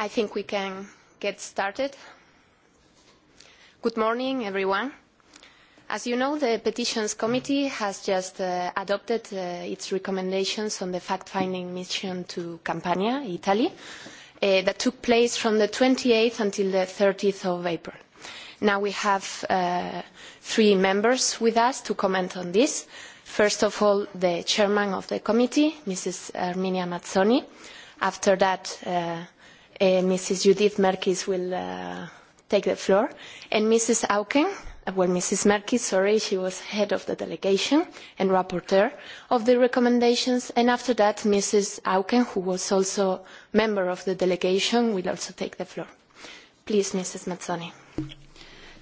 I think we can get started. Good morning, everyone. As you know, the Petitions Committee has just adopted its recommendations on the fact-finding mission to Campania, Italy, that took place from the 28th until the 30th of April. Now we have three members with us to comment on this. First of all, the chairman of the committee, Mrs. Arminia Mazzoni. After that, Mrs. Judith Merkis will take the floor, and Mrs. Auken, well, Mrs. Merkis, sorry, she was head of the delegation and rapporteur of the recommendations, and after that, Mrs. Auken, who was also member of the delegation, will also take the floor. Please, Mrs. Mazzoni.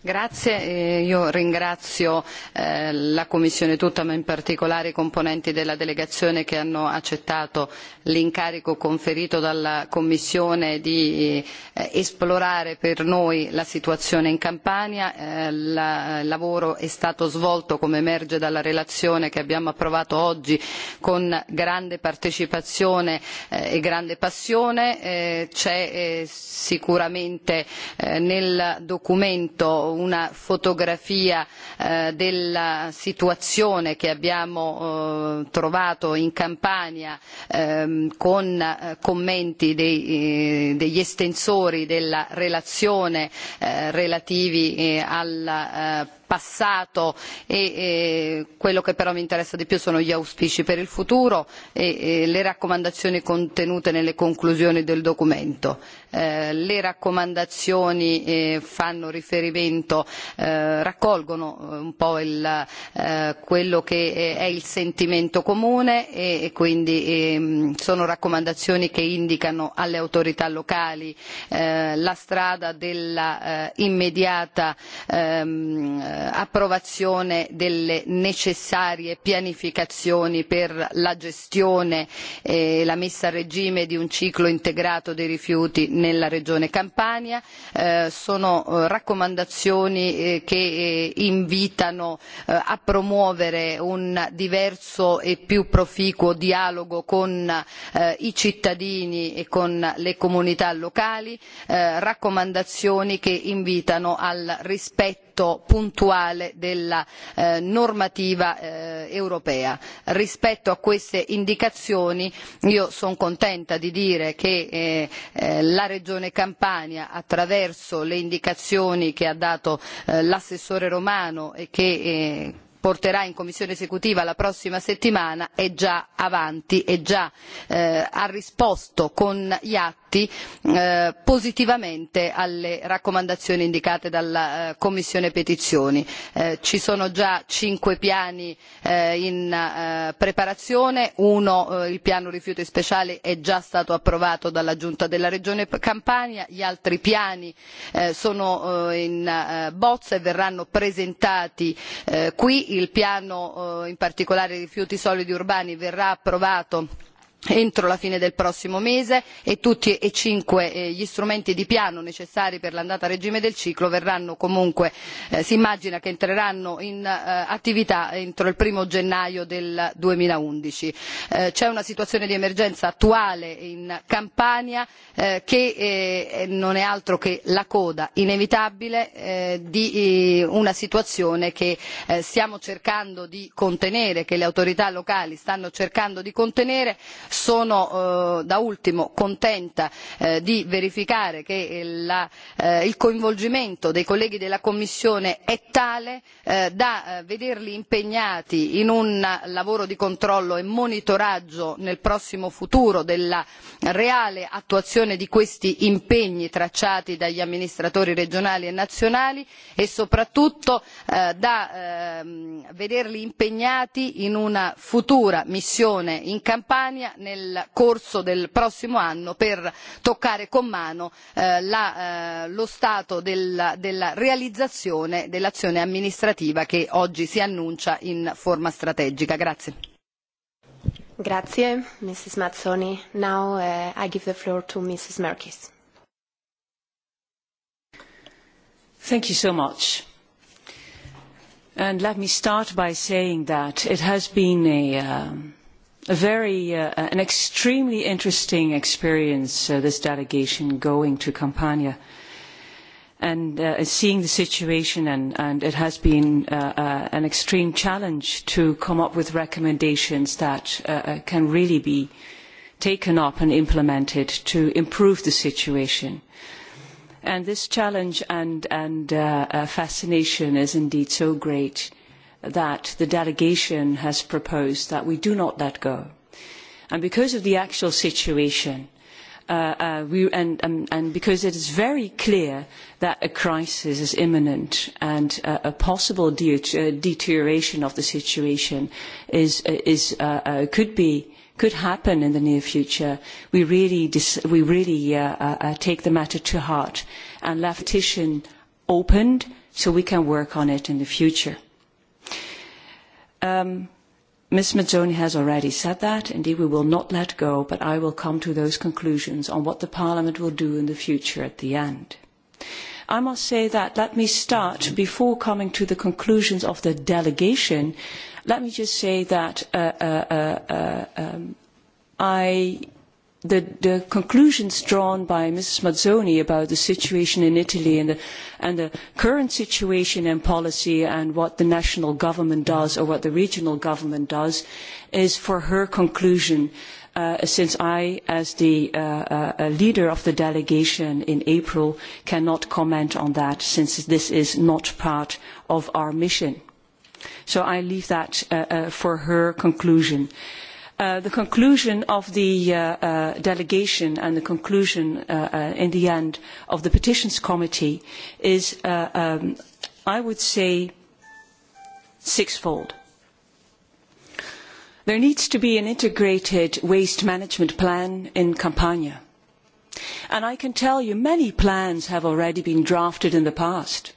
Grazie, io ringrazio la Commissione tutta, ma in particolare i componenti della delegazione che hanno accettato l'incarico conferito dalla Commissione di esplorare per noi la situazione in Campania. Il lavoro è stato svolto, come emerge dalla relazione che abbiamo approvato oggi, con grande partecipazione e grande passione. C'è sicuramente nel documento una fotografia della situazione che abbiamo trovato in Campania con commenti degli estensori della relazione relativi alla passato e quello che però mi interessa di più sono gli auspici per il futuro e le raccomandazioni contenute nelle conclusioni del documento. Le raccomandazioni fanno riferimento, raccolgono un po' quello che è il sentimento comune e quindi sono raccomandazioni che indicano alle autorità locali la strada dell'immediata approvazione delle necessarie pianificazioni per la gestione e la messa a regime di un ciclo integrato dei rifiuti nella regione Campania sono raccomandazioni che invitano a promuovere un diverso e più proficuo dialogo con i cittadini e con le comunità locali raccomandazioni che invitano al rispetto rispetto puntuale della normativa europea. rispetto a queste indicazioni io sono contenta di dire che la regione campania attraverso le indicazioni che ha dato l'assessore romano e che porterà in commissione esecutiva la prossima settimana è già avanti e già ha risposto con gli atti positivamente alle raccomandazioni indicate dalla Commissione petizioni. Ci sono già cinque piani in preparazione, uno, il piano rifiuti speciali, è già stato approvato dalla Giunta della Regione Campania, gli altri piani sono in bozza e verranno presentati qui, il piano in particolare rifiuti solidi urbani verrà approvato entro la fine del prossimo mese e tutti e cinque gli strumenti di piano necessari per l'andata a regime del ciclo verranno comunque si immagina che entreranno in attività entro il primo gennaio del. 2011 c'è una situazione di emergenza attuale in campania che non è altro che la coda inevitabile di una situazione che stiamo cercando di contenere che le autorità locali stanno cercando di contenere sono da ultimo contenta di verificare che il coinvolgimento dei colleghi della commissione è tale da vederli impegnati in un lavoro di controllo e monitoraggio nel prossimo futuro della reale attuazione di questi impegni tracciati dagli amministratori regionali e nazionali e soprattutto da vederli impegnati in una futura missione in campania nel corso del prossimo anno per toccare con mano lo stato della realizzazione dell'azione amministrativa che oggi si annuncia in forma strategica. Grazie, Mrs. Mazzoni. Now I give the floor to Mrs. Thank you so much. And let me start by saying that it has been a A very an extremely interesting experience this delegation going to Campania and seeing the situation and it has been an extreme challenge to come up with recommendations that can really be taken up and implemented to improve the situation. And this challenge and fascination is indeed so great that the delegation has proposed that we do not let go. And because of the actual situation, and because it is very clear that a crisis is imminent and a possible deterioration of the situation could happen in the near future, we really take the matter to heart and left Titian opened so we can work on it in the future. Ms. Mazzoni has already said that. Indeed, we will not let go, but I will come to those conclusions on what the Parliament will do in the future at the end. I must say that let me start, before coming to the conclusions of the delegation, let me just say that I the conclusions drawn by Mrs. Mazzoni about the situation in Italy and the current situation and policy and what the national government does or what the regional government does is for her conclusion since I, as the leader of the delegation in April, cannot comment on that since this is not part of our mission. So I leave that for her conclusion the conclusion of the delegation and the conclusion in the end of the petitions committee is i would say sixfold there needs to be an integrated waste management plan in campania and i can tell you many plans have already been drafted in the past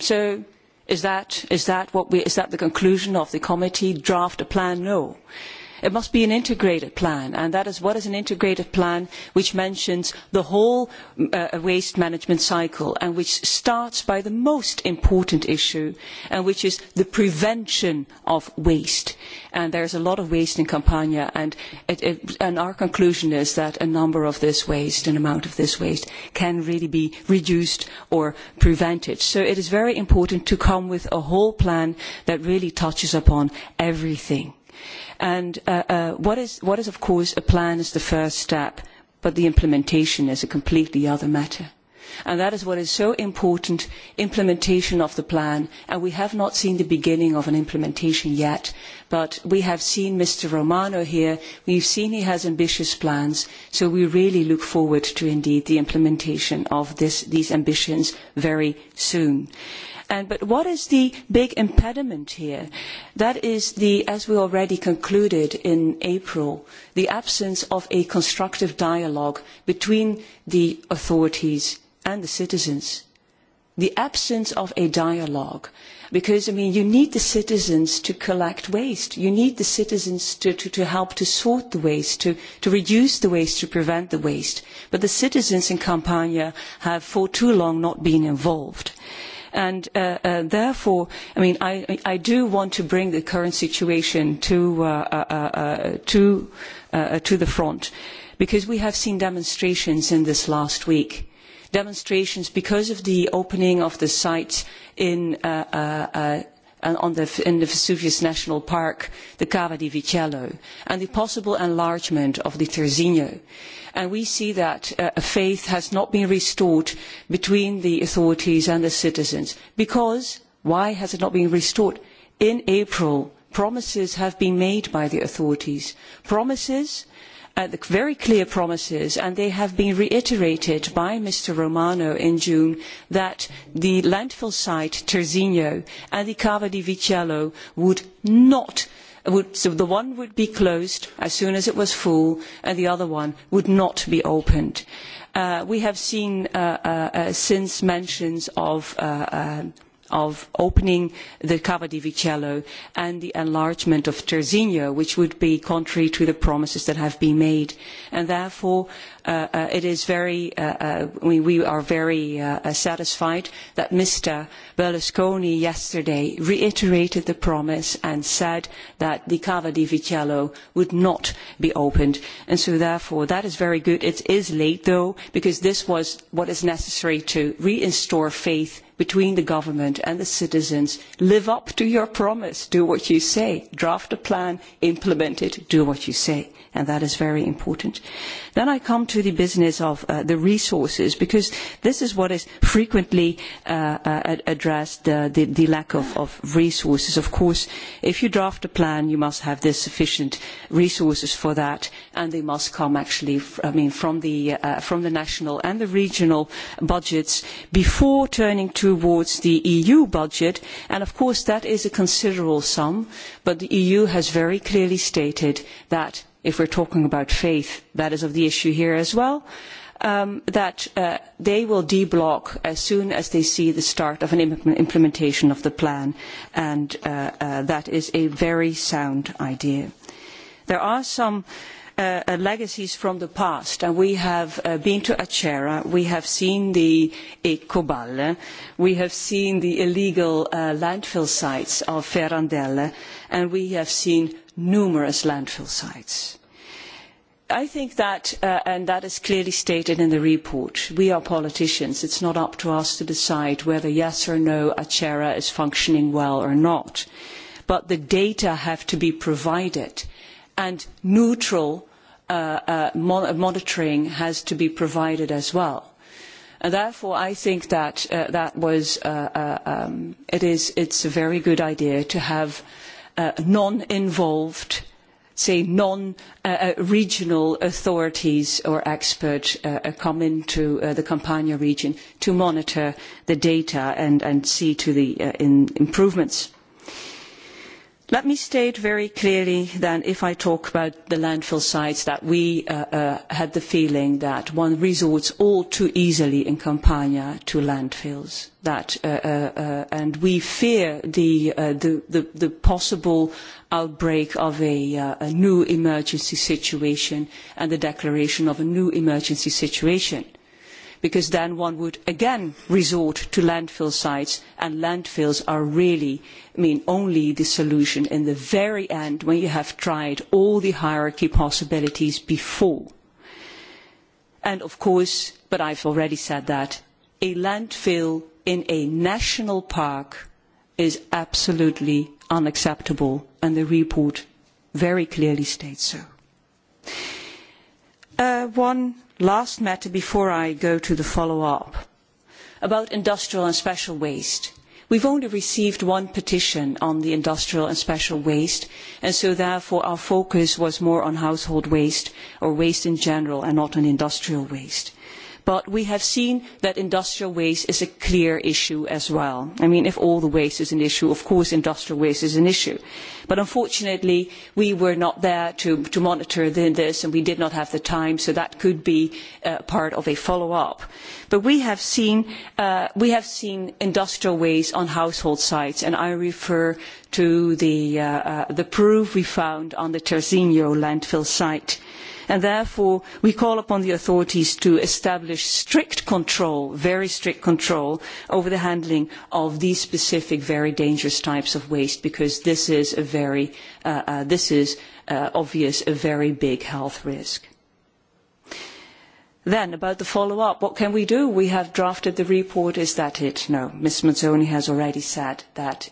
so is that the conclusion of the committee draft a plan? no. It must be an integrated plan, and that is what is an integrated plan which mentions the whole waste management cycle and which starts by the most important issue, and which is the prevention of waste. There is a lot of waste in Campania, and our conclusion is that a number of this waste, an amount of this waste, can really be reduced or prevented. So it is very important to come with a whole plan that really touches upon everything. And what is, of course, a plan is the first step, but the implementation is a completely other matter. And that is what is so important, implementation of the plan. And we have not seen the beginning of an implementation yet, but we have seen Mr. Romano here. We've seen he has ambitious plans, so we really look forward to indeed the implementation of these ambitions very soon. But what is the big impediment here? That is the, as we already concluded in April, the absence of a constructive dialogue between the authorities and the citizens. The absence of a dialogue. Because, I mean, you need the citizens to collect waste. You need the citizens to help to sort the waste, to reduce the waste, to prevent the waste. But the citizens in Campania have for too long not been involved and therefore i mean i do want to bring the current situation to the front because we have seen demonstrations in this last week demonstrations because of the opening of the site in in the Vesuvius National Park, the Cava di Vicello, and the possible enlargement of the Terzigno. And we see that faith has not been restored between the authorities and the citizens. Because, why has it not been restored? In April, promises have been made by the authorities. Promises the very clear promises and they have been reiterated by mr romano in june that the landfill site terzigno and the cava di Vicello would not the one would be closed as soon as it was full and the other one would not be opened. we have seen since mentions of of opening the Cava di Vicello and the enlargement of Terzigno, which would be contrary to the promises that have been made. And therefore, it is very, we are very satisfied that Mr. Berlusconi yesterday reiterated the promise and said that the Cava di Vicello would not be opened. And so therefore, that is very good. It is late though, because this was what is necessary to reinstore faith between the government and the citizens. Live up to your promise. Do what you say. Draft a plan. Implement it. Do what you say. And that is very important. Then I come to the business of the resources, because this is what is frequently addressed, the lack of resources. Of course, if you draft a plan, you must have the sufficient resources for that, and they must come actually, from the national and the regional budgets before turning to towards the EU budget, and of course that is a considerable sum, but the EU has very clearly stated that if we are talking about faith, that is of the issue here as well, that they will de-block as soon as they see the start of an implementation of the plan, and that is a very sound idea. There are some legacies from the past and we have been to Acera, we have seen the Cobal, we have seen the illegal landfill sites of Ferrandelle and we have seen numerous landfill sites. I think that, and that is clearly stated in the report, we are politicians. It's not up to us to decide whether yes or no Acera is functioning well or not. But the data have to be provided and neutral monitoring has to be provided as well. Therefore, I think that that was it is it's a very good idea to have non-involved, say non-regional authorities or experts come into the Campania region to monitor the data and see to the improvements. Let me state very clearly that if I talk about the landfill sites, that we had the feeling that one resorts all too easily in Campania to landfills, and we fear the possible outbreak of a new emergency situation and the declaration of a new emergency situation because then one would again resort to landfill sites and landfills are really mean, only the solution in the very end when you have tried all the hierarchy possibilities before. And of course, but I've already said that, a landfill in a national park is absolutely unacceptable and the report very clearly states so. One last matter before i go to the follow up about industrial and special waste. we have only received one petition on the industrial and special waste and so therefore our focus was more on household waste or waste in general and not on industrial waste but we have seen that industrial waste is a clear issue as well. I mean, if all the waste is an issue, of course industrial waste is an issue. But unfortunately, we were not there to monitor this and we did not have the time, so that could be part of a follow-up. But we have seen industrial waste on household sites, and I refer to the proof we found on the Terzinho landfill site and therefore we call upon the authorities to establish strict control very strict control over the handling of these specific very dangerous types of waste because this is this is obvious a very big health risk. Then about the follow up, what can we do? We have drafted the report, is that it? No. Ms Mazzoni has already said that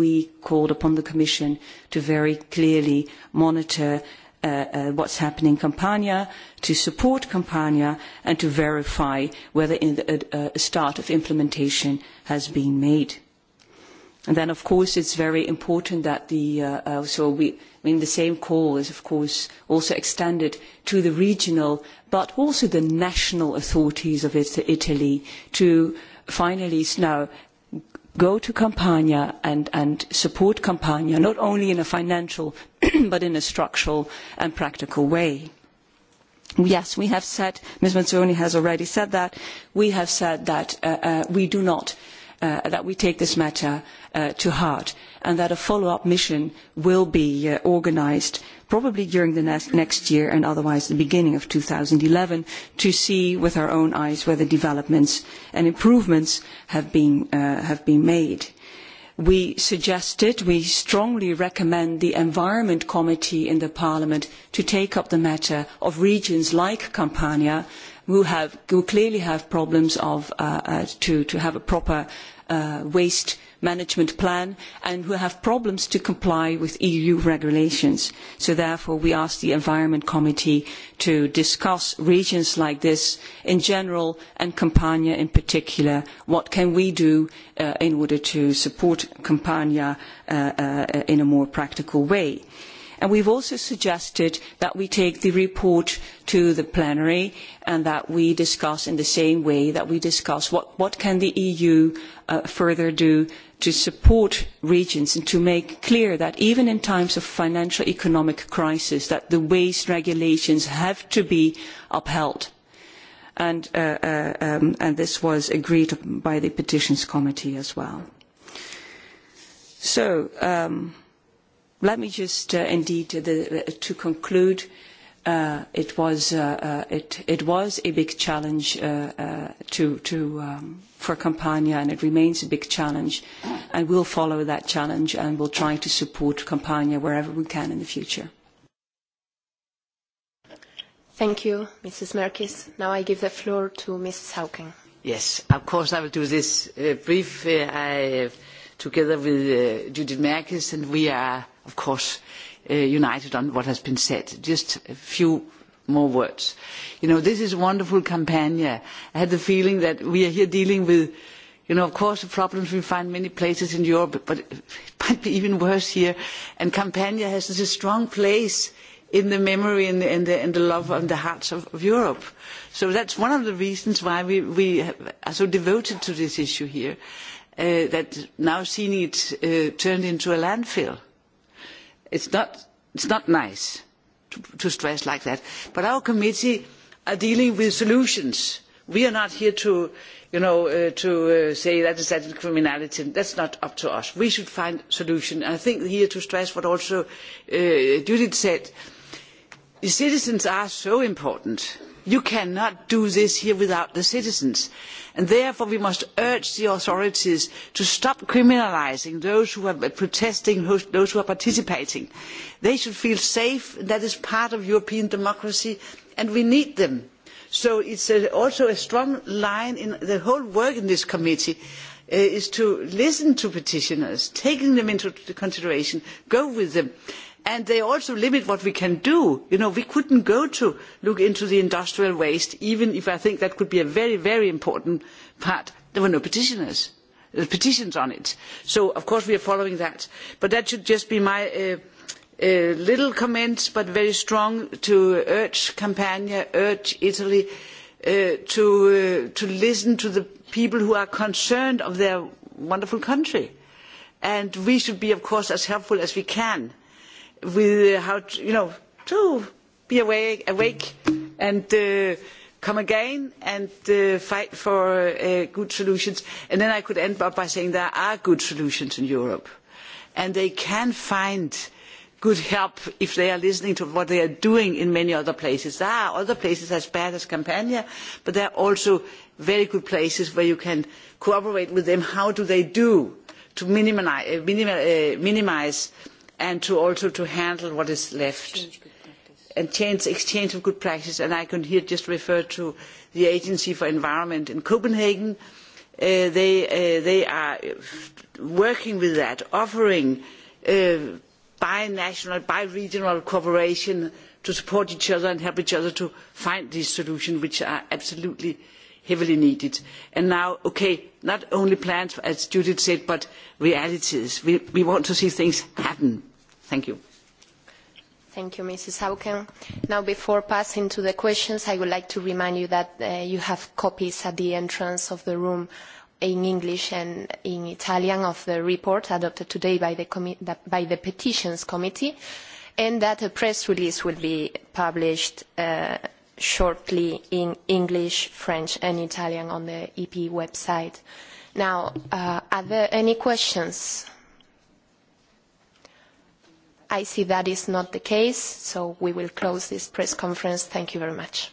we called upon the Commission to very clearly monitor what's happening in Campania, to support Campania and to verify whether a start of implementation has been made. And then, of course, it's very important that the so we mean the same call is, of course, also extended to the regional, but also the national authorities of Italy to finally now go to Campania and support Campania, not only in a financial but in a structural and practical way. Yes, we have said, Ms. Mazzoni has already said that, we have said that we do not that we take this matter to heart and that a follow up mission will be organised probably during the next year and otherwise the beginning of 2011 to see with our own eyes whether developments and improvements have been made. We suggested, we strongly recommend the Environment Committee in Parliament to take up the matter of regions like Campania Who clearly have problems to have a proper waste management plan and who have problems to comply with eu regulations. so therefore we ask the environment committee to discuss regions like this in general and campania in particular what can we do in order to support campania in a more practical way? and we also suggested that we take the report to the plenary and that we discuss in the same way that we discuss what can the eu further do to support regions and to make clear that even in times of financial economic crisis that the waste regulations have to be upheld and this was agreed by the petitions committee as well so Let me just indeed to conclude, it was it was a big challenge to for Campania and it remains a big challenge, and we'll follow that challenge and we'll try to support Campania wherever we can in the future. Thank you, Mrs. Merkis. Now I give the floor to Mrs. Hawking. Yes, of course I will do this brief together with Judith Merkis, and we are, of course, united on what has been said. Just a few more words. You know, this is a wonderful campaign. I had the feeling that we are here dealing with, you know, of course, the problems we find many places in Europe, but it might be even worse here. And Campania has such a strong place in the memory and the love and the hearts of Europe. So that's one of the reasons why we are so devoted to this issue here that now seeing it turned into a landfill. It's not it's not nice to stress like that. But our committee are dealing with solutions. We are not here to, you know, to say that is that criminality. That's not up to us. We should find solutions. And I think here to stress what also Judith said, the citizens are so important You cannot do this here without the citizens. And therefore we must urge the authorities to stop criminalising those who are protesting, those who are participating. They should feel safe. That is part of European democracy and we need them. So it's also a strong line in the whole work in this committee is to listen to petitioners, taking them into consideration, go with them and they also limit what we can do. You know, we couldn't go to look into the industrial waste even if i think that could be a very very important part. there were no petitioners petitions on it so of course we are following that. but that should just be my little comment but very strong to urge campania urge italy to listen to the people who are concerned about their wonderful country and we should be of course as helpful as we can with how you know to be awake and come again and fight for good solutions. And then I could end up by saying there are good solutions in Europe, and they can find good help if they are listening to what they are doing in many other places. There are other places as bad as Campania, but there are also very good places where you can cooperate with them. How do they do to minimise and to also to handle what is left and exchange of good practice and i can here just refer to the agency for environment in copenhagen they are working with that offering bi national bi regional cooperation to support each other and help each other to find these solutions which are absolutely heavily needed. And now, okay, not only plans, as Judith said, but realities. We want to see things happen. Thank you. Thank you, Mrs. Hauken. Now, before passing to the questions, I would like to remind you that you have copies at the entrance of the room in English and in Italian of the report adopted today by the Petitions Committee, and that a press release will be published shortly in English, French and Italian on the EP website. Now, are there any questions? I see that is not the case, so we will close this press conference. Thank you very much.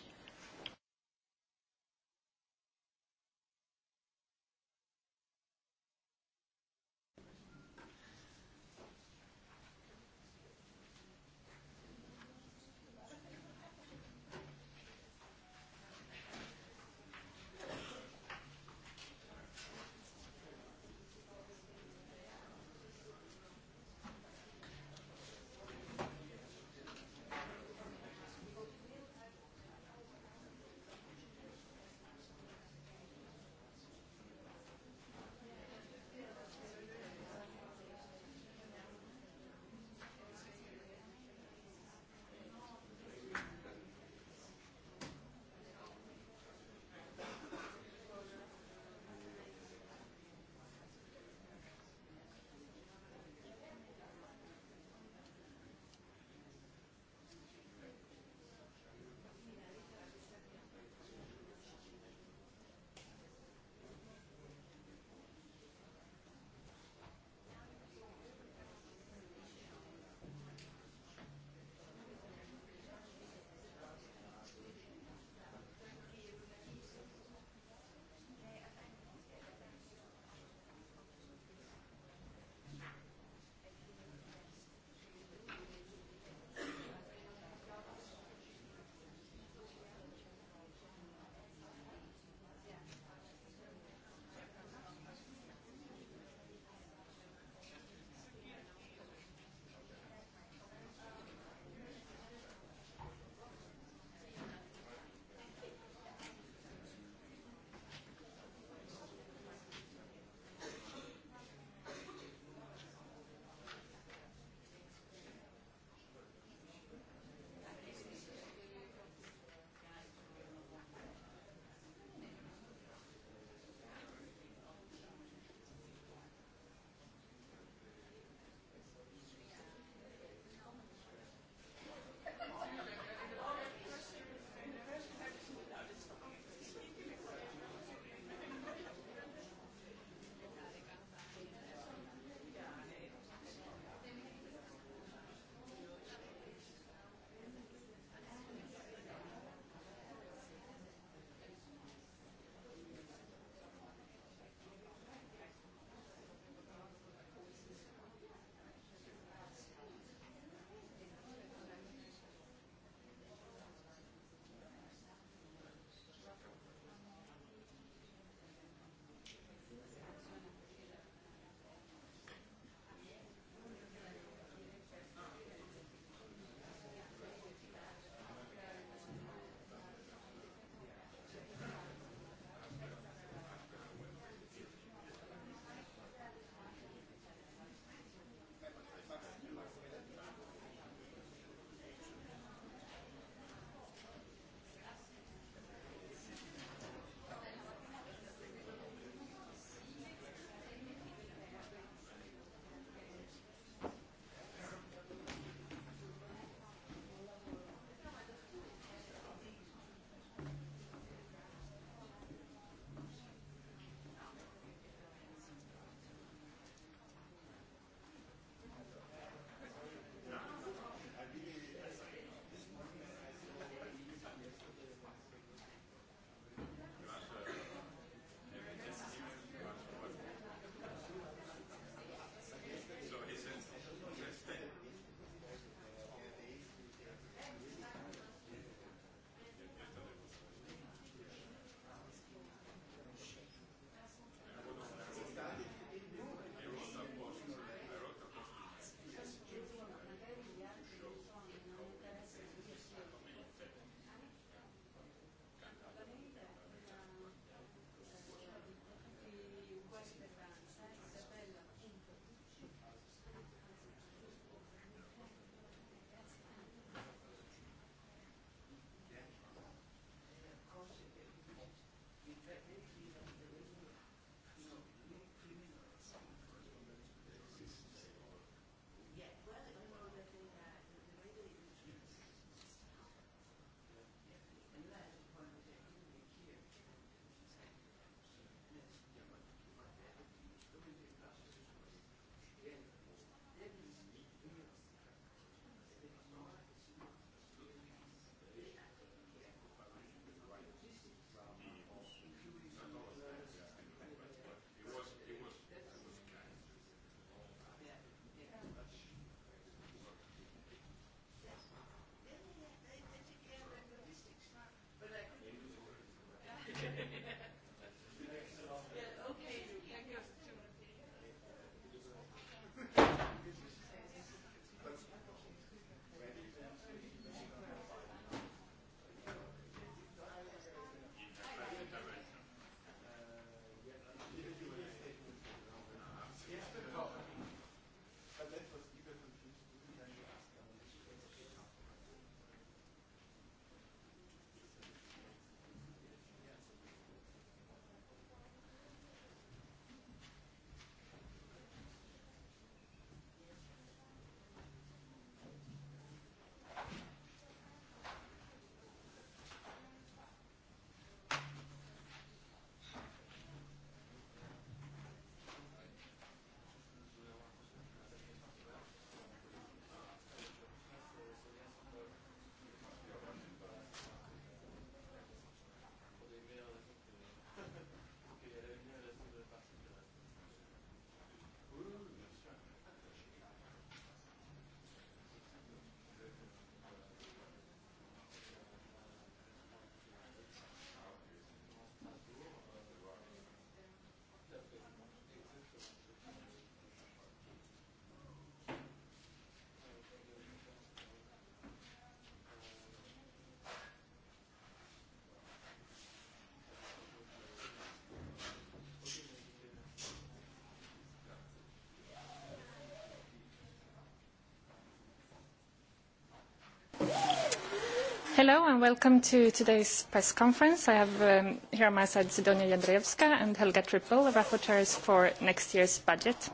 Hello and welcome to today's press conference. I have here on my side Sidonia Jandrewska and Helga the rapporteurs for next year's budget.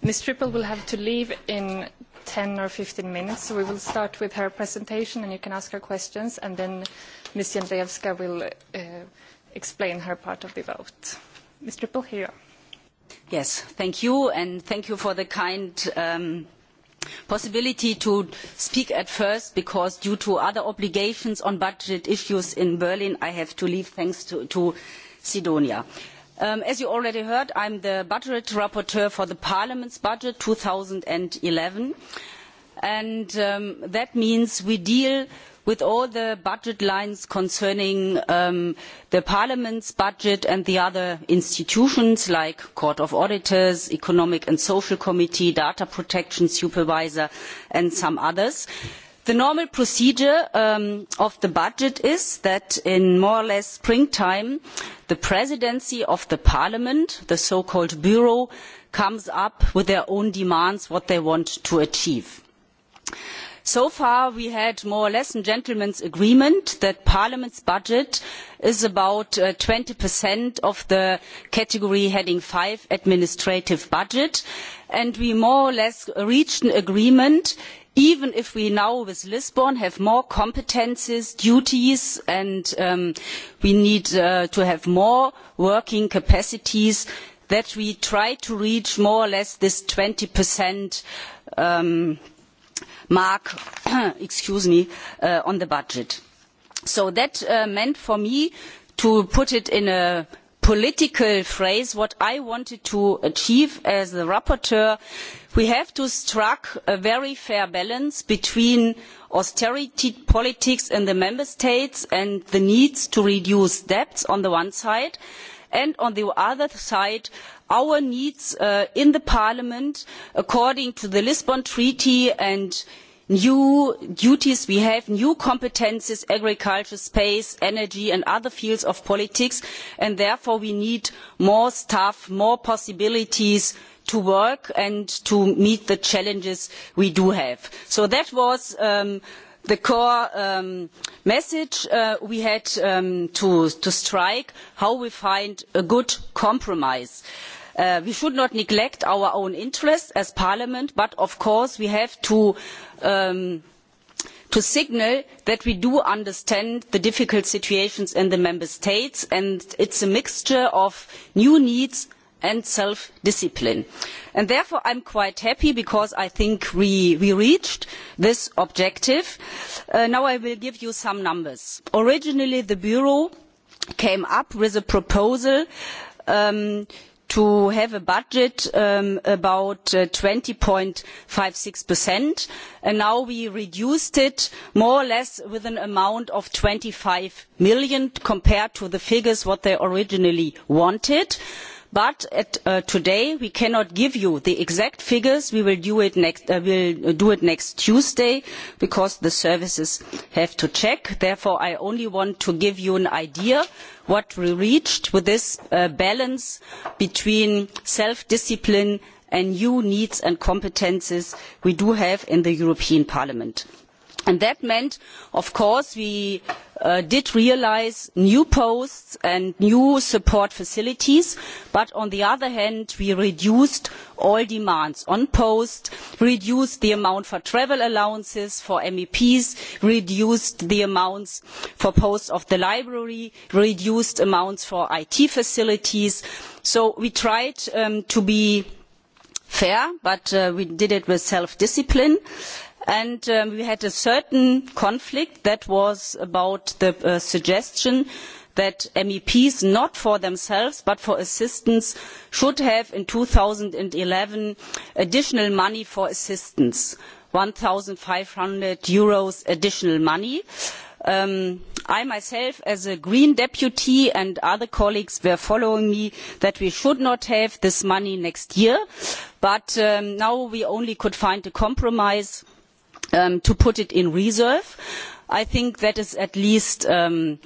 Ms. Triple will have to leave in 10 or 15 minutes, so we will start with her presentation and you can ask her questions, and then Ms. Jandrewska will explain her part of the vote. Ms. Trippel, here you are. Yes, thank you, and thank you for the kind possibility to speak at first because due to other obligations on budget issues in Berlin I have to leave thanks to Sidonia. As you already heard, I am the budget rapporteur for the Parliament's budget 2011 and that means we deal with all the budget lines concerning Parliament's budget and the other institutions like the Court of Auditors, Economic and Social Committee, Data Protection Supervisor and some others. The normal procedure of the budget is that in more or less springtime the Presidency of the Parliament, the so called Bureau, comes up with their own demands what they want to achieve so far we had more or less a gentleman's agreement that parliament's budget is about 20% of the category heading 5 administrative budget and we more or less reached an agreement even if we now with lisbon have more competences duties and we need to have more working capacities that we try to reach more or less this 20% mark on the budget. so that meant for me to put it in a political phrase what i wanted to achieve as the rapporteur we have to strike a very fair balance between austerity politics in the member states and the need to reduce debts on the one side and on the other side our needs in parliament according to the lisbon treaty and new duties we have new competences agriculture space energy and other fields of politics and therefore we need more staff more possibilities to work and to meet the challenges we do have. so that was the core message we had to strike how we find a good compromise. We should not neglect our own interests as Parliament, but of course we have to signal that we do understand the difficult situations in the Member States and it is a mixture of new needs and self discipline. therefore i am quite happy because i think we reached this objective. now i will give you some numbers. originally the bureau came up with a proposal to have a budget about twenty five six and now we reduced it more or less with an amount of eur twenty five million compared to the figures what they originally wanted but today we cannot give you the exact figures. we will do it next tuesday because the services have to check. therefore i only want to give you an idea of what we reached with this balance between self discipline and new needs and competences we do have in the european parliament and that meant of course we did realise new posts and new support facilities but on the other hand we reduced all demands on posts, reduced the amount for travel allowances for meps reduced the amounts for posts of the library reduced amounts for it facilities so we tried to be fair but we did it with self discipline and we had a certain conflict that was about the suggestion that meps not for themselves but for assistance should have in 2011 additional money for assistance eur one additional money. i myself as a green deputy and other colleagues were following me that we should not have this money next year but now we only could find a compromise to put it in reserve. I think that is at least a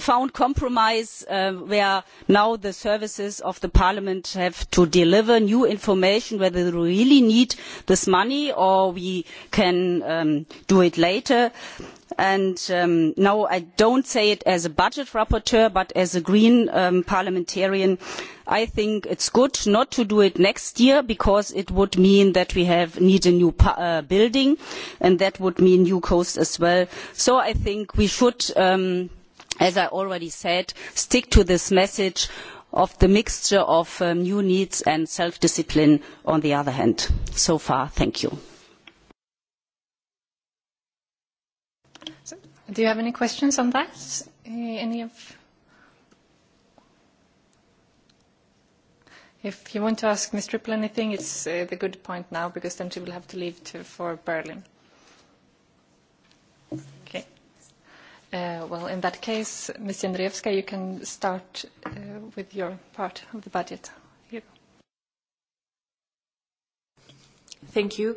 found compromise where now the services of the Parliament have to deliver new information whether we really need this money or we can do it later and now i don't say it as a budget rapporteur but as a green parliamentarian i think it's good not to do it next year because it would mean that we need a new building and that would mean new costs as well so i think we should as i already said stick to this message of the mixture of new needs and self discipline on the other hand. so far thank you. Do you have any questions on that? Any of If you want to ask Ms. Triple anything, it's the good point now, because then she will have to leave for Berlin. Okay. Well, in that case, Ms. Jędrzejewska, you can start with your part of the budget. Thank you.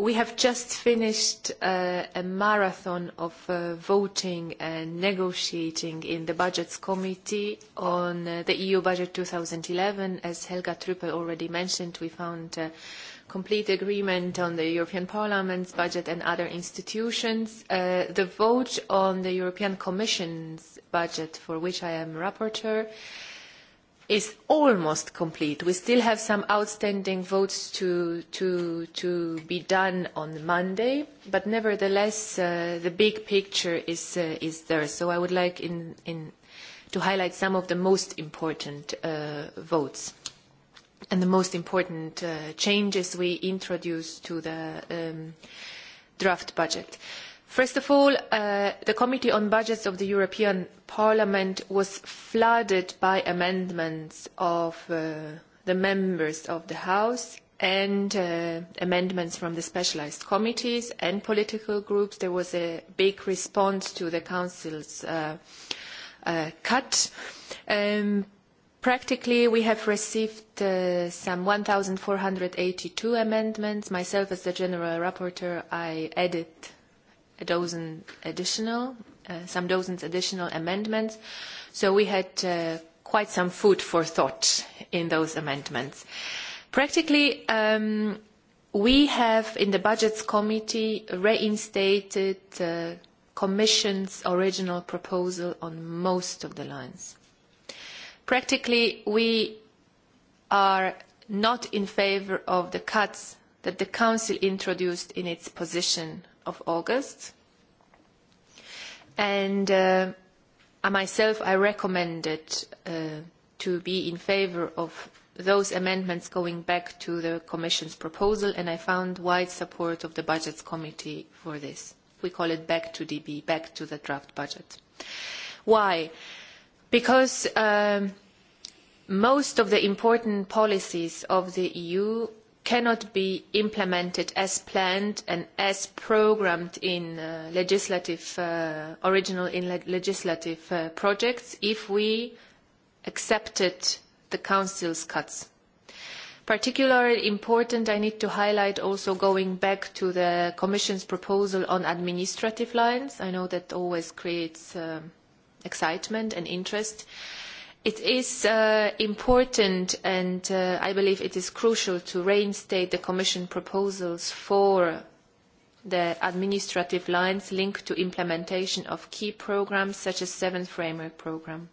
We have just finished a marathon of voting and negotiating in the Budgets Committee on the EU Budget 2011. As Helga Trüppel already mentioned, we found complete agreement on the European Parliament's budget and other institutions. The vote on the European Commission's budget, for which I am rapporteur, is almost complete. We still have some outstanding votes to be done on Monday, but nevertheless, the big picture is there. So I would like to highlight some of the most important votes and the most important changes we introduced to the draft budget. First of all, the Committee on Budgets of the European Parliament was flooded by amendments of the members of the House and amendments from the specialised committees and political groups. There was a big response to the Council's cut. Practically, we have received some 1,482 amendments. Myself, as the General Rapporteur, I added a dozen additional, some dozens additional amendments. So we had quite some food for thought in those amendments. Practically, we have in the Budgets Committee reinstated the Commission's original proposal on most of the lines. Practically, we are not in favour of the cuts that the Council introduced in its position of August. And myself, I recommended to be in favour of those amendments going back to the Commission's proposal, and I found wide support of the Budgets Committee for this. We call it back to DB, back to the draft budget. Why? Because most of the important policies of the EU cannot be implemented as planned and as programmed in legislative original in legislative projects if we accepted the council's cuts particularly important i need to highlight also going back to the commission's proposal on administrative lines i know that always creates excitement and interest It is important and I believe it is crucial to reinstate the Commission proposals for the administrative lines linked to implementation of key programmes such as the seventh framework programme.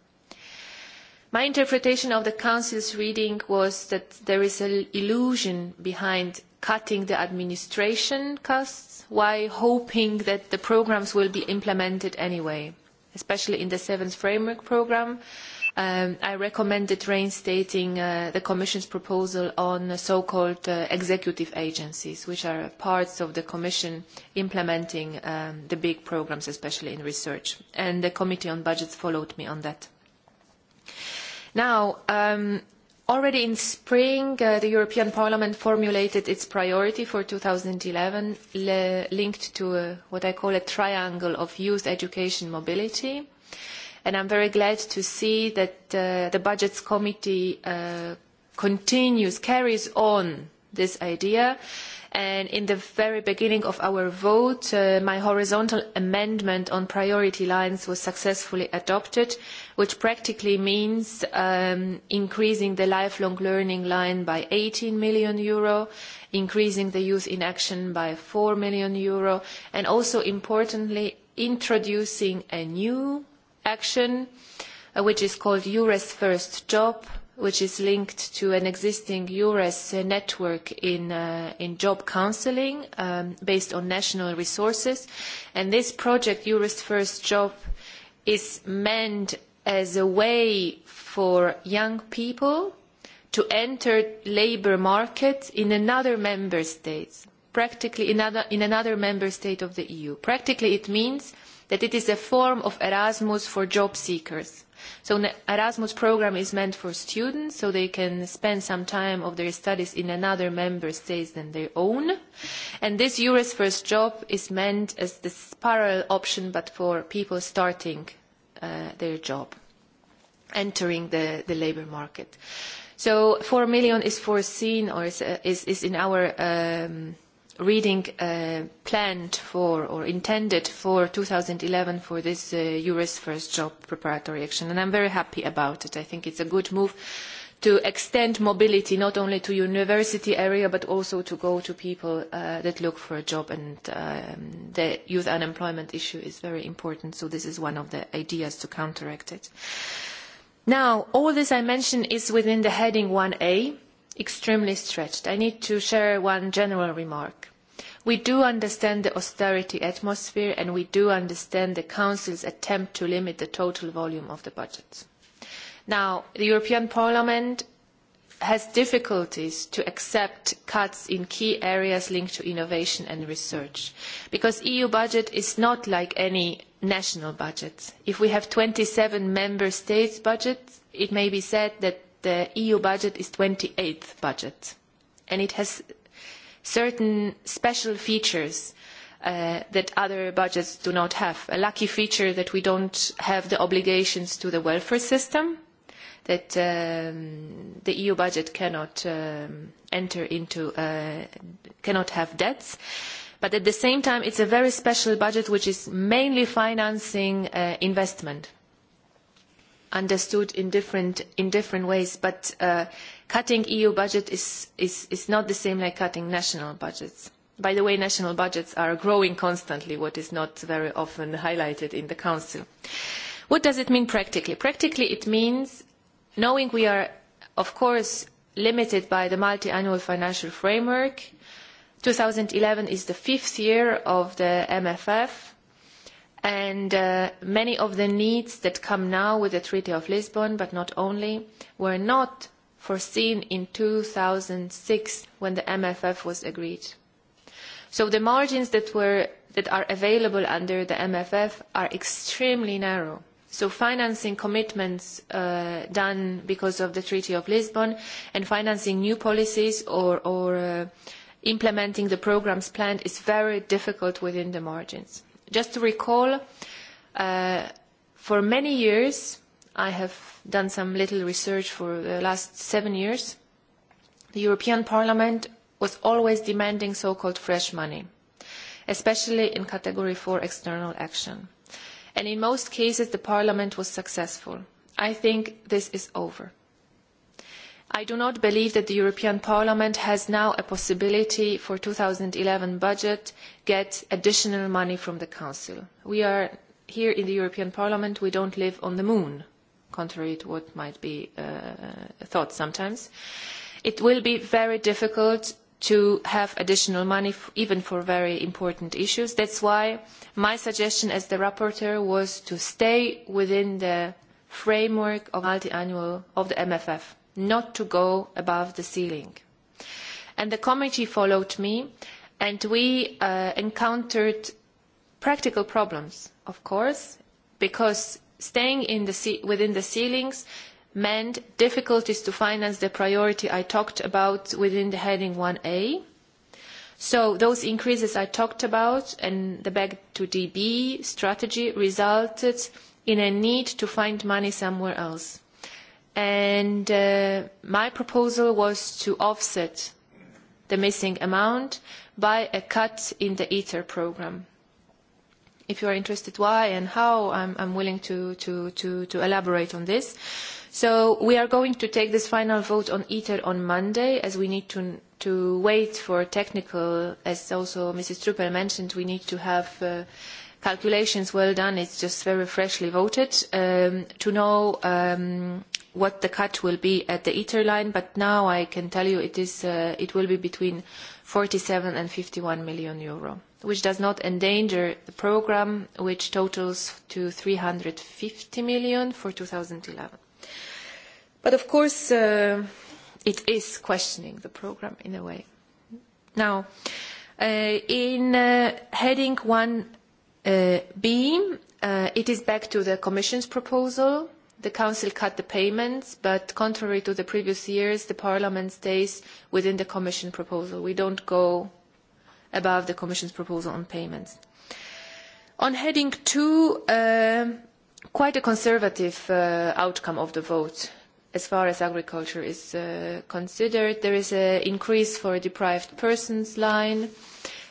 My interpretation of the Council's reading was that there is an illusion behind cutting the administration costs while hoping that the programmes will be implemented anyway, especially in the seventh framework programme I recommended reinstating the Commission's proposal on so-called executive agencies, which are parts of the Commission implementing the big programs, especially in research. And the Committee on Budgets followed me on that. Now, already in spring, the European Parliament formulated its priority for 2011, linked to what I call a triangle of youth education mobility and I'm very glad to see that the Budgets Committee continues, carries on this idea. And in the very beginning of our vote, my horizontal amendment on priority lines was successfully adopted, which practically means increasing the lifelong learning line by 18 million euro, increasing the youth in action by 4 million euro, and also importantly introducing a new action which is called eures first job which is linked to an existing eures network in job counselling based on national resources and this project eures first job is meant as a way for young people to enter labour market in another member state practically in another member state of the eu practically it means that it is a form of Erasmus for job seekers. So the Erasmus program is meant for students, so they can spend some time of their studies in another member state than their own. And this Euros First Job is meant as the parallel option, but for people starting their job, entering the labour market. So 4 million is foreseen or is in our reading planned for or intended for 2011 for this EURES first job preparatory action, and I'm very happy about it. I think it's a good move to extend mobility not only to university area but also to go to people that look for a job and the youth unemployment issue is very important so this is one of the ideas to counteract it. Now all this I mentioned is within the heading 1A extremely stretched. I need to share one general remark. We do understand the austerity atmosphere and we do understand the Council's attempt to limit the total volume of the budget. Now, the European Parliament has difficulties to accept cuts in key areas linked to innovation and research, because EU budget is not like any national budget. If we have 27 member states' budgets, it may be said that the EU budget is 28th budget, and it has certain special features that other budgets do not have. A lucky feature that we don't have the obligations to the welfare system, that the EU budget cannot enter into, cannot have debts. But at the same time, it's a very special budget which is mainly financing investment understood in different in different ways but cutting eu budget is is is not the same like cutting national budgets by the way national budgets are growing constantly what is not very often highlighted in the council what does it mean practically practically it means knowing we are of course limited by the multiannual financial framework 2011 is the fifth year of the mff And many of the needs that come now with the Treaty of Lisbon, but not only, were not foreseen in 2006 when the MFF was agreed. So the margins that are available under the MFF are extremely narrow. So financing commitments done because of the Treaty of Lisbon and financing new policies or implementing the programs planned is very difficult within the margins. Just to recall, for many years, I have done some little research for the last seven years, the European Parliament was always demanding so-called fresh money, especially in Category 4 external action. And in most cases, the Parliament was successful. I think this is over. I do not believe that the European Parliament has now a possibility for the 2011 budget get additional money from the Council. We are here in the European Parliament, we don't live on the moon, contrary to what might be thought sometimes. It will be very difficult to have additional money, even for very important issues. That's why my suggestion as the rapporteur was to stay within the framework of of the MFF not to go above the ceiling. And the committee followed me, and we encountered practical problems, of course, because staying within the ceilings meant difficulties to finance the priority I talked about within the heading 1A. So those increases I talked about and the back to DB strategy resulted in a need to find money somewhere else and my proposal was to offset the missing amount by a cut in the ITER program. If you are interested why and how, I'm willing to elaborate on this. So we are going to take this final vote on ITER on Monday, as we need to wait for technical, as also Mrs. Truppel mentioned, we need to have calculations well done. It's just very freshly voted to know what the cut will be at the ITER line, but now I can tell you it will be between 47 and 51 million euro, which does not endanger the program, which totals to 350 million for 2011. But of course, it is questioning the program in a way. Now, in heading 1 B, it is back to the Commission's proposal. The Council cut the payments, but contrary to the previous years, the Parliament stays within the Commission proposal. We don't go above the Commission's proposal on payments. On heading 2, quite a conservative outcome of the vote as far as agriculture is considered. There is an increase for a deprived persons line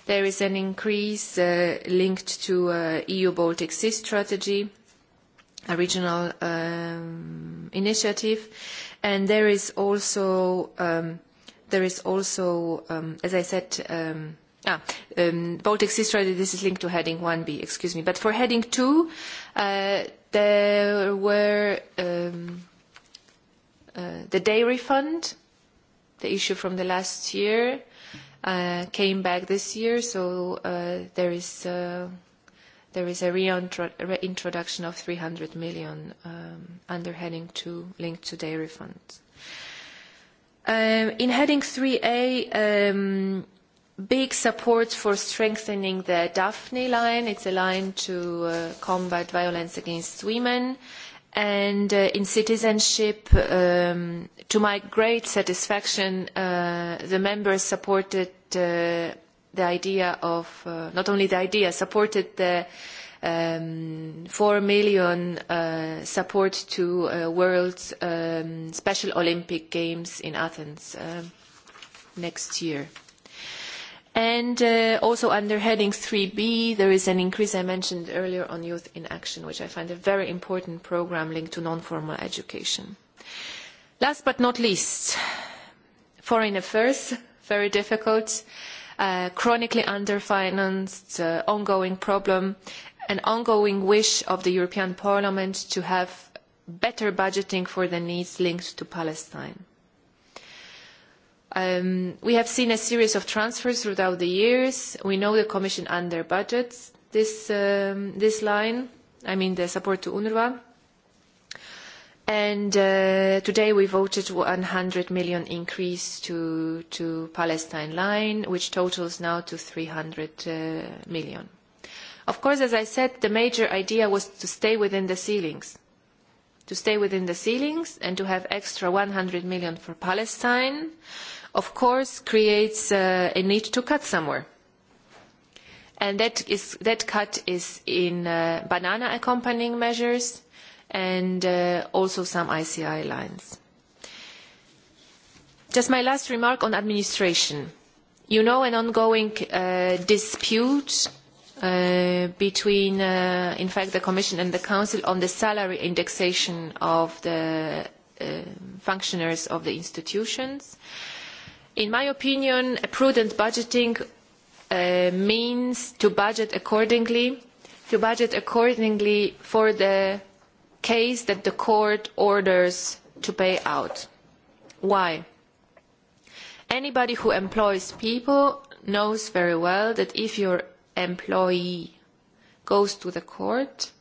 There is an increase linked to EU-Baltic Sea Strategy, a regional initiative, and there is also, as I said, Baltic Sea Strategy, this is linked to Heading 1B, excuse me. But for Heading 2, there were the dairy fund, the issue from the last year, came back this year, so there is there is a reintroduction of 300 million under heading 2 linked to dairy funds. In heading 3A, big support for strengthening the Daphne line. It's a line to combat violence against women and in citizenship to my great satisfaction the members supported the idea of not only the idea supported the 4 million support to World special olympic games in athens next year And also under heading 3B, there is an increase I mentioned earlier on Youth in Action, which I find a very important program linked to non-formal education. Last but not least, foreign affairs, very difficult, chronically underfinanced, ongoing problem, an ongoing wish of the European Parliament to have better budgeting for the needs linked to Palestine. We have seen a series of transfers throughout the years. We know the Commission under budgets this line, I mean the support to UNRWA. And today we voted 100 million increase to Palestine line, which totals now to 300 million. Of course, as I said, the major idea was to stay within the ceilings, to stay within the ceilings and to have extra 100 million for Palestine of course creates a need to cut somewhere. And that cut is in banana accompanying measures and also some ICI lines. Just my last remark on administration. You know an ongoing dispute between, in fact, the Commission and the Council on the salary indexation of the functionaries of the institutions. In my opinion, prudent budgeting means to budget accordingly, to budget accordingly for the case that the court orders to pay out. Why? Anybody who employs people knows very well that if your employee goes to the court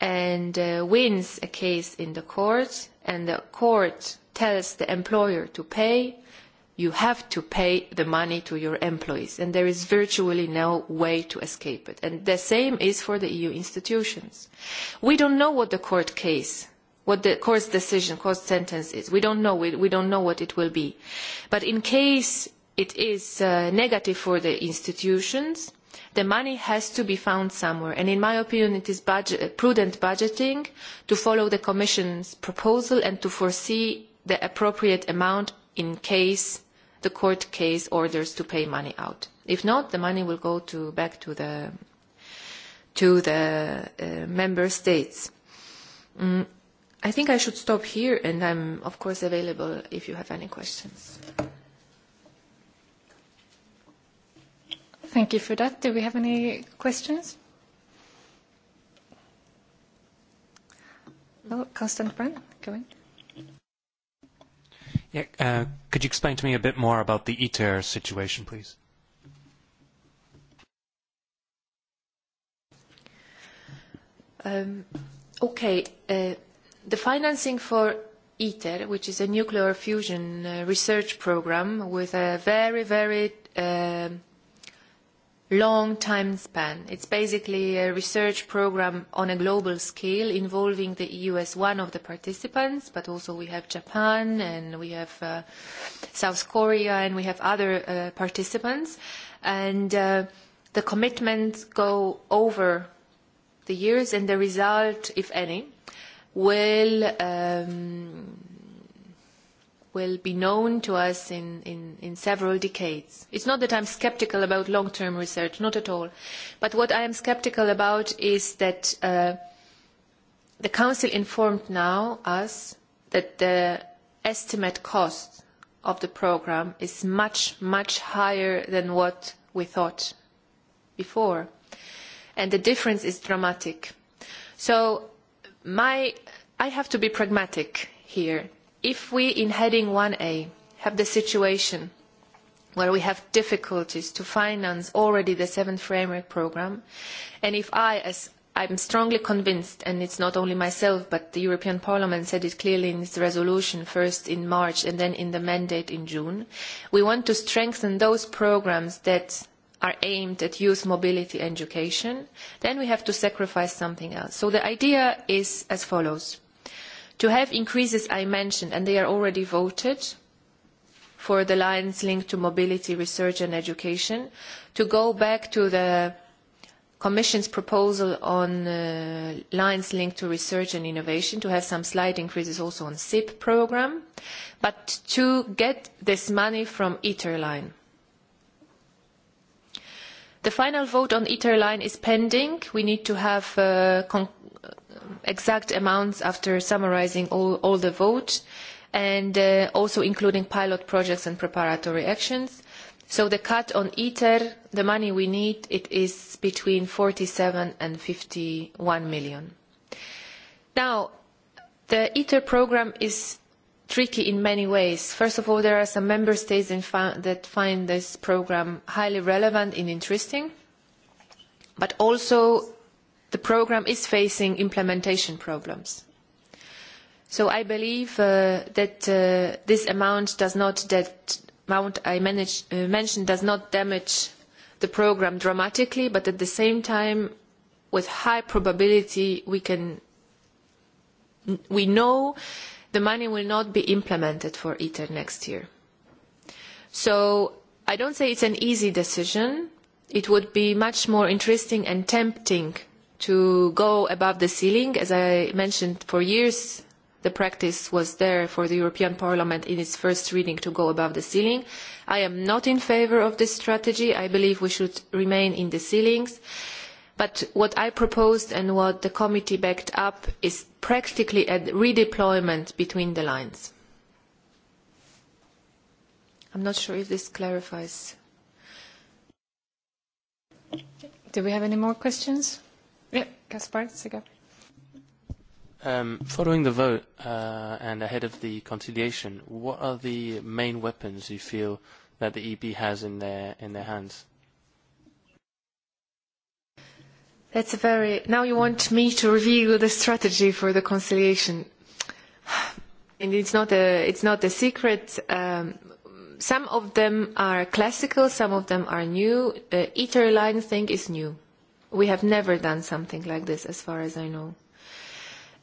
and wins a case in the court and the court tells the employer to pay, you have to pay the money to your employees and there is virtually no way to escape it and the same is for the eu institutions we don't know what the court case what the court's decision court sentence is we don't know we don't know what it will be but in case it is negative for the institutions the money has to be found somewhere and in my opinion it is prudent budgeting to follow the commission's proposal and to foresee the appropriate amount in case the court case orders to pay money out. If not, the money will go to back to the to the member states. I think I should stop here, and I'm of course available if you have any questions. Thank you for that. Do we have any questions? Oh, Constant Brand, Could you explain to me a bit more about the ITER situation, please? Okay. The financing for ITER, which is a nuclear fusion research program with a very, very long time span. It's basically a research program on a global scale involving the EU as one of the participants, but also we have Japan and we have South Korea and we have other participants. And the commitments go over the years and the result, if any, will will be known to us in several decades. It's not that I'm sceptical about long-term research, not at all. But what I am sceptical about is that the Council informed now us that the estimate cost of the programme is much, much higher than what we thought before. And the difference is dramatic. So I have to be pragmatic here if we in heading 1a have the situation where we have difficulties to finance already the seventh framework programme and if i as i'm strongly convinced and it's not only myself but the european parliament said it clearly in its resolution first in march and then in the mandate in june we want to strengthen those programmes that are aimed at youth mobility and education then we have to sacrifice something else so the idea is as follows To have increases I mentioned, and they are already voted for the lines linked to mobility, research and education, to go back to the Commission's proposal on lines linked to research and innovation to have some slight increases also on SIP program, but to get this money from ITER Line. The final vote on ITER Line is pending. We need to have exact amounts after summarising all the votes and also including pilot projects and preparatory actions. So the cut on ITER, the money we need, it is between 47 and 51 million. Now, the ITER programme is tricky in many ways. First of all, there are some member states that find this program highly relevant and interesting, but also the programme is facing implementation problems. So I believe that this amount does not that amount I mentioned does not damage the programme dramatically, but at the same time, with high probability, we can we know the money will not be implemented for ITER next year. So I don't say it's an easy decision. It would be much more interesting and tempting to go above the ceiling. As I mentioned, for years the practice was there for the European Parliament in its first reading to go above the ceiling. I am not in favour of this strategy. I believe we should remain in the ceilings. But what I proposed and what the committee backed up is practically a redeployment between the lines. I'm not sure if this clarifies. Do we have any more questions? Um, Following the vote and ahead of the conciliation, what are the main weapons you feel that the EB has in their in their hands? That's a very. Now you want me to review the strategy for the conciliation. And it's not a it's not a secret. Um Some of them are classical, some of them are new. The ITER line thing is new We have never done something like this, as far as I know.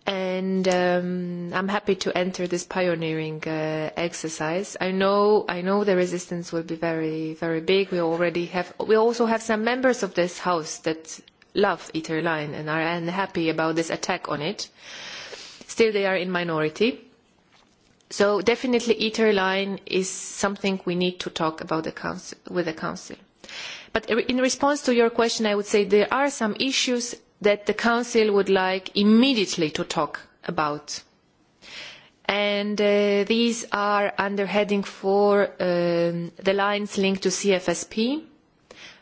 And I'm happy to enter this pioneering exercise. I know, I know the resistance will be very, very big. We already have, we also have some members of this house that love Line and are unhappy about this attack on it. Still, they are in minority. So definitely, Line is something we need to talk about with the Council. But in response to your question, I would say there are some issues that the Council would like immediately to talk about. And these are under heading for the lines linked to CFSP.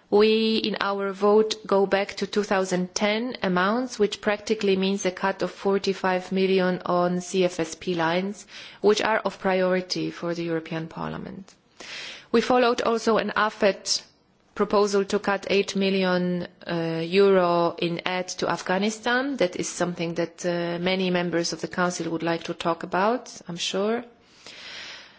We, in our vote, go back to 2010 amounts, which practically means a cut of 45 million on CFSP lines, which are of priority for the European Parliament. We followed also an AFET proposal to cut 8 million euro in aid to Afghanistan. That is something that many members of the Council would like to talk about, I'm sure.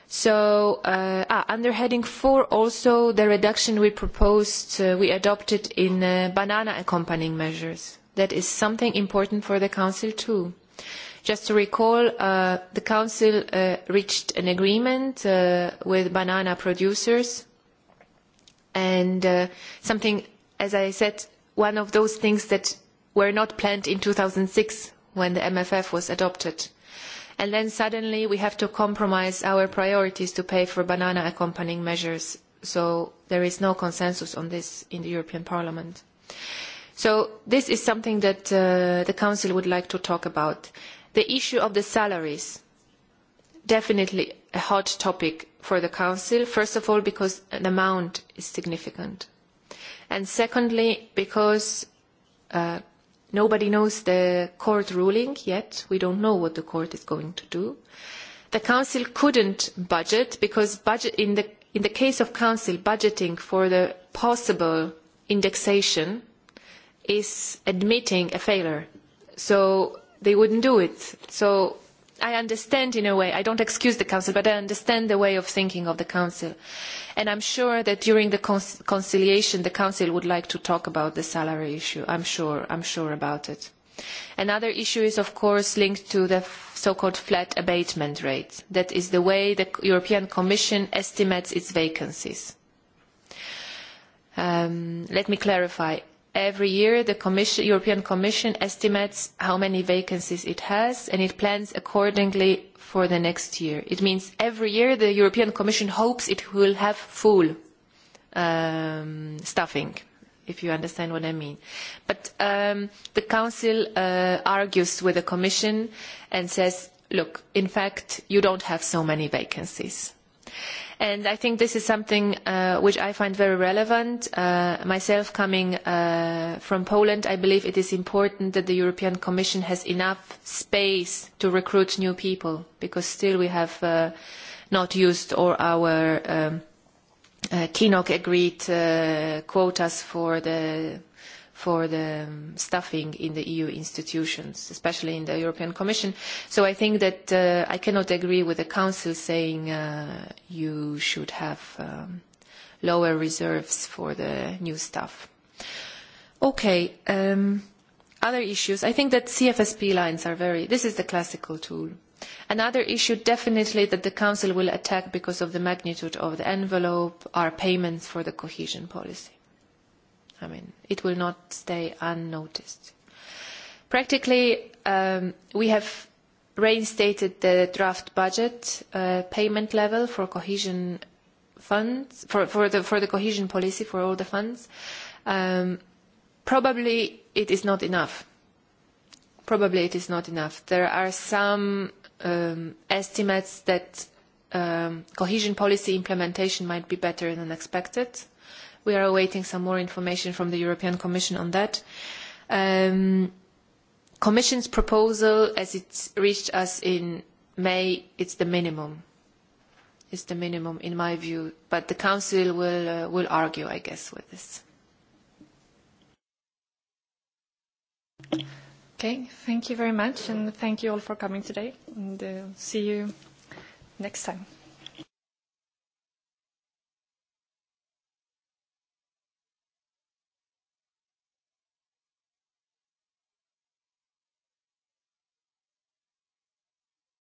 So, under heading four, also the reduction we proposed, we adopted in banana accompanying measures. That is something important for the Council too. Just to recall, the Council reached an agreement with banana producers and something, as I said, one of those things that were not planned in 2006 when the MFF was adopted. And then suddenly we have to compromise our priorities to pay for banana accompanying measures. So there is no consensus on this in the European Parliament. So this is something that the Council would like to talk about. The issue of the salaries, definitely a hot topic for the Council, first of all because the amount is significant, and secondly because nobody knows the court ruling yet. We don't know what the court is going to do. The Council couldn't budget because in the case of Council, budgeting for the possible indexation is admitting a failure. So they wouldn't do it. So I understand in a way, I don't excuse the Council, but I understand the way of thinking of the Council. And I'm sure that during the conciliation, the Council would like to talk about the salary issue. I'm sure, I'm sure about it. Another issue is, of course, linked to the so-called flat abatement rate. That is the way the European Commission estimates its vacancies. Let me clarify Every year, the European Commission estimates how many vacancies it has, and it plans accordingly for the next year. It means every year the European Commission hopes it will have full staffing, if you understand what I mean. But the Council argues with the Commission and says, look, in fact, you don't have so many vacancies. And I think this is something which I find very relevant. Myself coming from Poland, I believe it is important that the European Commission has enough space to recruit new people, because still we have not used all our KINOC agreed quotas for the for the staffing in the EU institutions, especially in the European Commission. So I think that I cannot agree with the Council saying you should have lower reserves for the new staff. Okay. Other issues. I think that CFSP lines are very. This is the classical tool. Another issue definitely that the Council will attack because of the magnitude of the envelope are payments for the cohesion policy. I mean, it will not stay unnoticed. Practically, we have reinstated the draft budget payment level for cohesion funds, for the cohesion policy for all the funds. Probably it is not enough. Probably it is not enough. There are some estimates that cohesion policy implementation might be better than expected We are awaiting some more information from the European Commission on that. Commission's proposal, as it reached us in May, it's the minimum. It's the minimum, in my view. But the Council will will argue, I guess, with this. Okay, thank you very much, and thank you all for coming today, and see you next time.